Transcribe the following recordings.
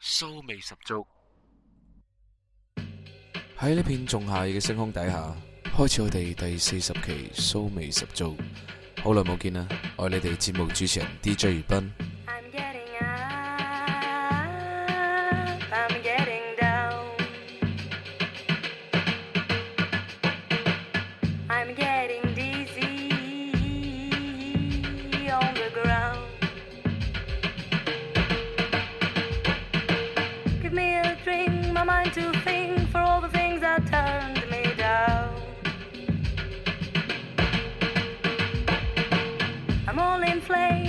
蘇味十足。喺呢片仲夏夜嘅星空底下，開始我哋第四十期蘇味十足。好耐冇見啦，我係你哋節目主持人 DJ 余斌。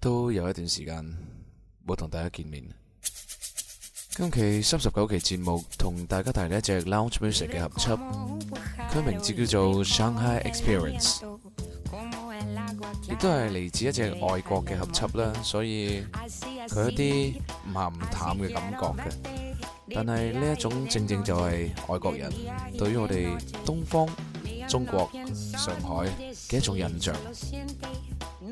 都有一段時間冇同大家見面。今期三十九期節目同大家帶來一隻 Lounge Music 嘅合輯，佢名字叫做 Shanghai Experience，亦都係嚟自一隻外國嘅合輯啦，所以佢一啲唔鹹唔淡嘅感覺嘅。但係呢一種正正就係外國人對於我哋東方中國上海嘅一種印象。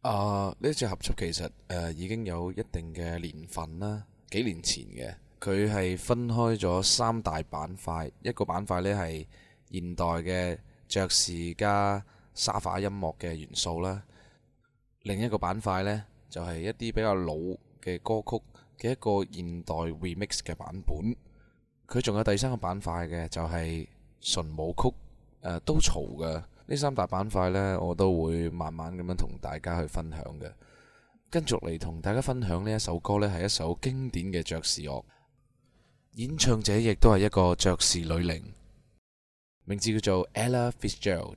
啊！呢隻合輯其實誒、呃、已經有一定嘅年份啦，幾年前嘅。佢係分開咗三大板塊，一個板塊呢係現代嘅爵士加沙發音樂嘅元素啦，另一個板塊呢，就係、是、一啲比較老嘅歌曲嘅一個現代 remix 嘅版本。佢仲有第三個板塊嘅就係純舞曲、呃、都嘈嘅。呢三大板塊呢，我都會慢慢咁樣同大家去分享嘅。跟住嚟同大家分享呢一首歌呢，係一首經典嘅爵士樂，演唱者，亦都係一個爵士女伶，名字叫做 Ella Fitzgerald。誒、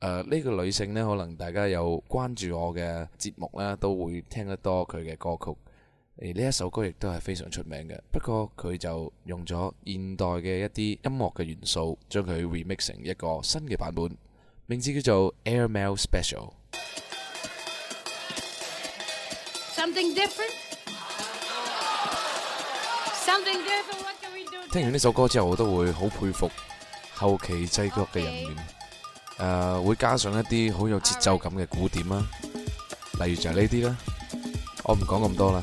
呃，呢、呢個女性呢，可能大家有關注我嘅節目啦，都會聽得多佢嘅歌曲。而呢一首歌亦都係非常出名嘅，不過佢就用咗現代嘅一啲音樂嘅元素，將佢 remix 成一個新嘅版本，名字叫做《Air Mail Special》。Something different。Something different。What can we do? 聽完呢首歌之後，我都會好佩服後期製作嘅人員，誒會加上一啲好有節奏感嘅鼓點啊，例如就係呢啲啦，我唔講咁多啦。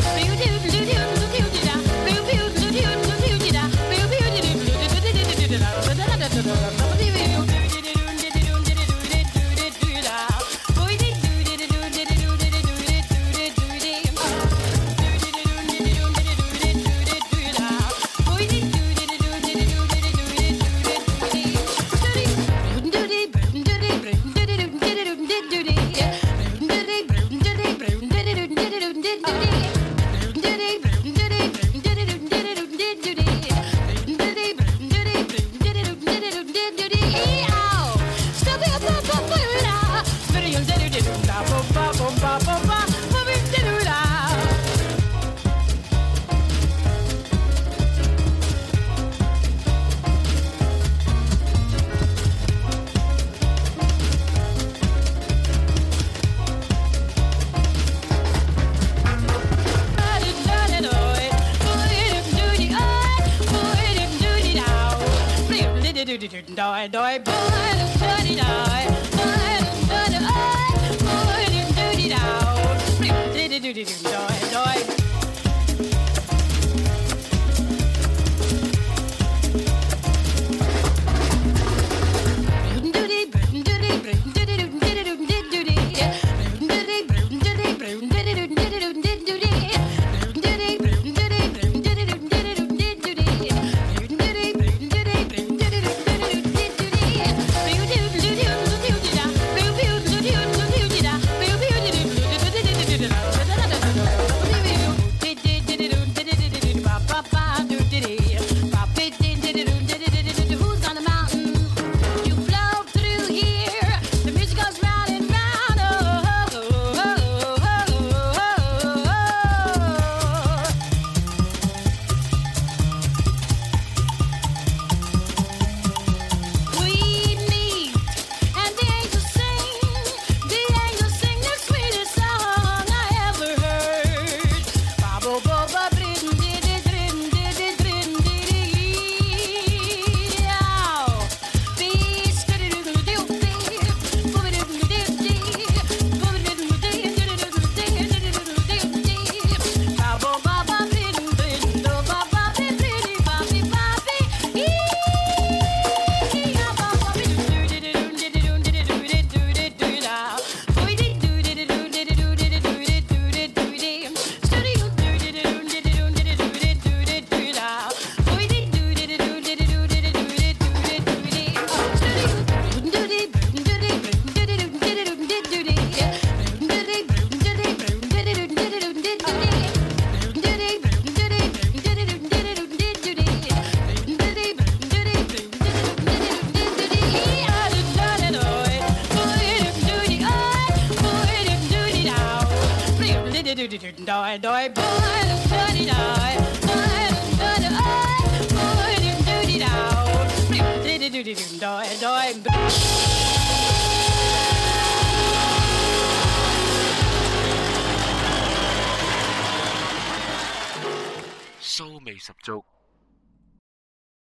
騷味十足。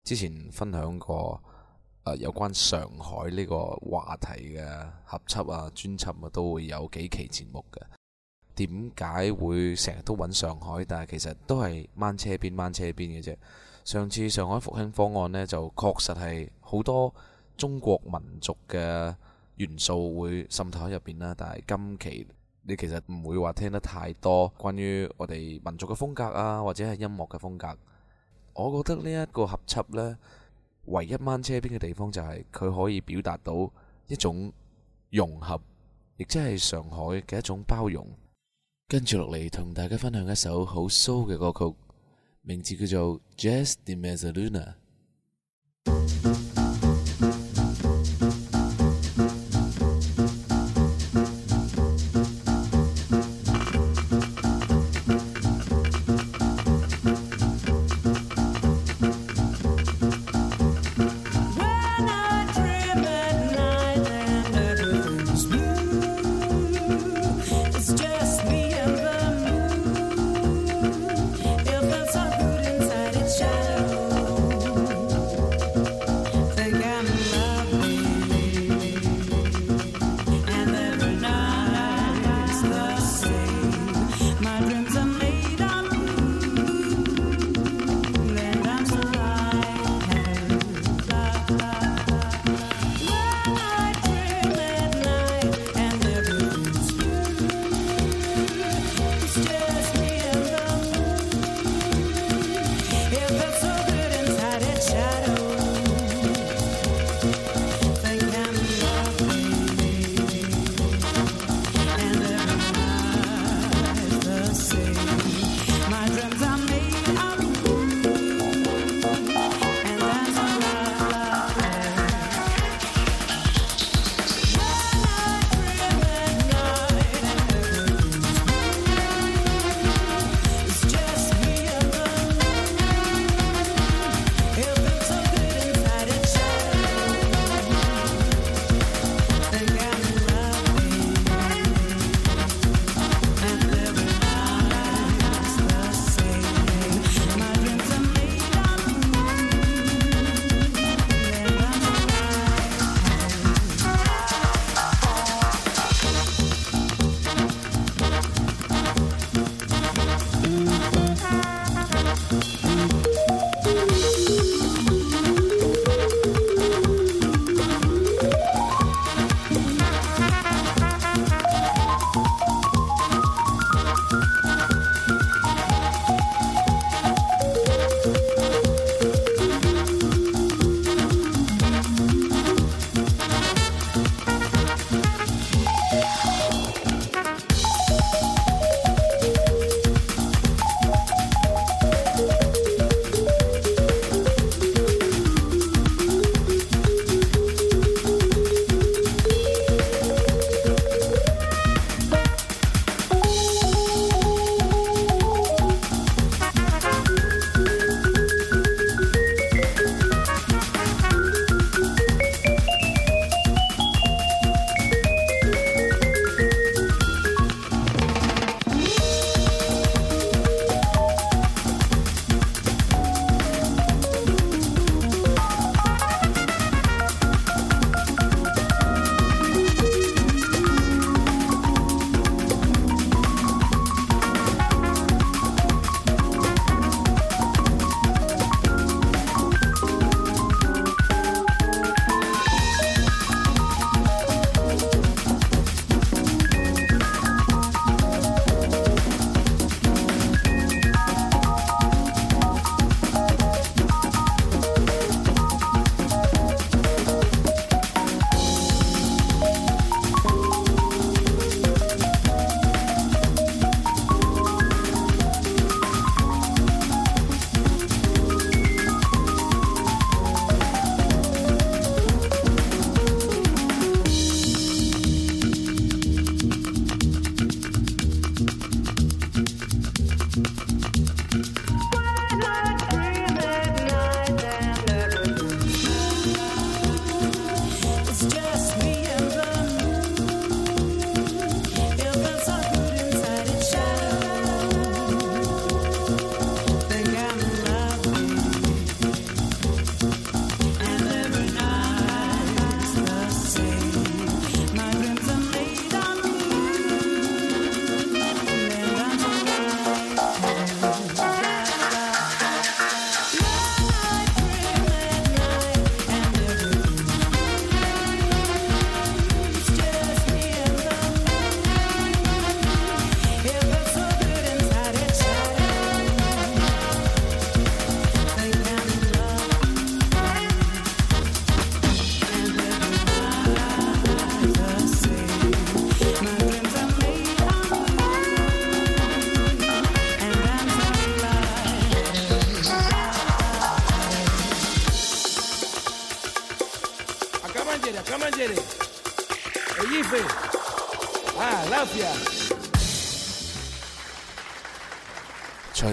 之前分享過有關上海呢個話題嘅合輯啊、專輯啊都會有幾期節目嘅。點解會成日都揾上海？但係其實都係掹車邊掹車邊嘅啫。上次上海復興方案呢，就確實係好多中國民族嘅元素會滲透喺入邊啦。但係今期。你其實唔會話聽得太多關於我哋民族嘅風格啊，或者係音樂嘅風格。我覺得呢一個合輯呢，唯一掹車邊嘅地方就係佢可以表達到一種融合，亦即係上海嘅一種包容。跟住落嚟同大家分享一首好騷嘅歌曲，名字叫做《Jazz di Mezzaluna》。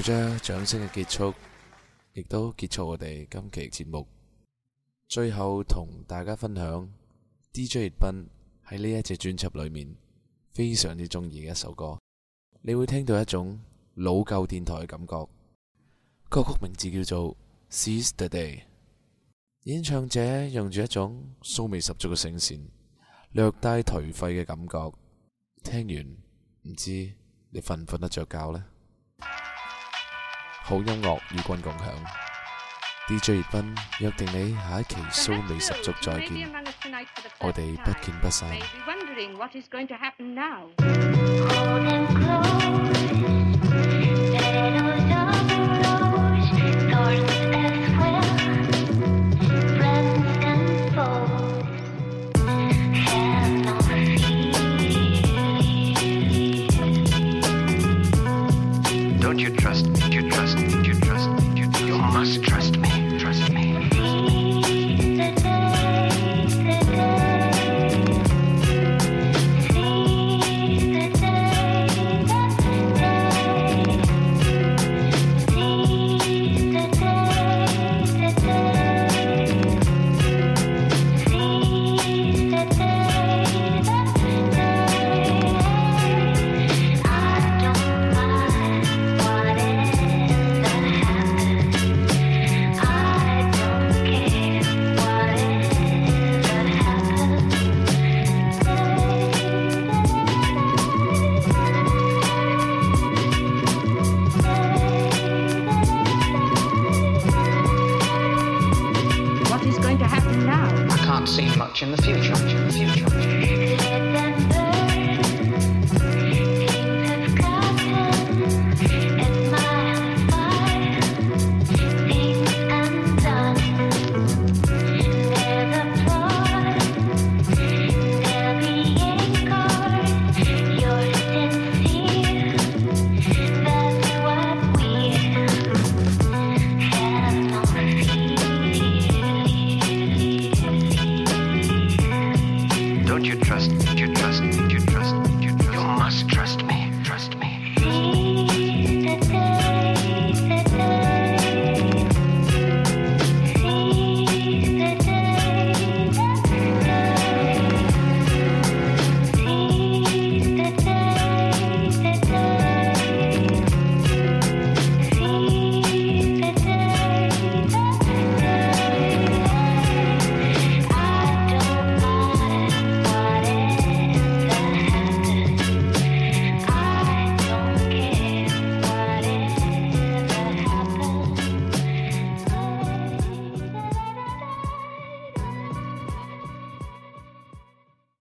掌聲嘅結束，亦都結束我哋今期節目。最後同大家分享，DJ Ben 喺呢一隻專輯裏面非常之中意嘅一首歌。你會聽到一種老舊電台嘅感覺。歌曲名字叫做《See the Day》，演唱者用住一種酥味十足嘅聲線，略帶頹廢嘅感覺。聽完唔知你瞓唔瞓得着覺呢？好音樂與君共享，DJ 斌約定你下一期蘇美十足再見，我哋不見不散。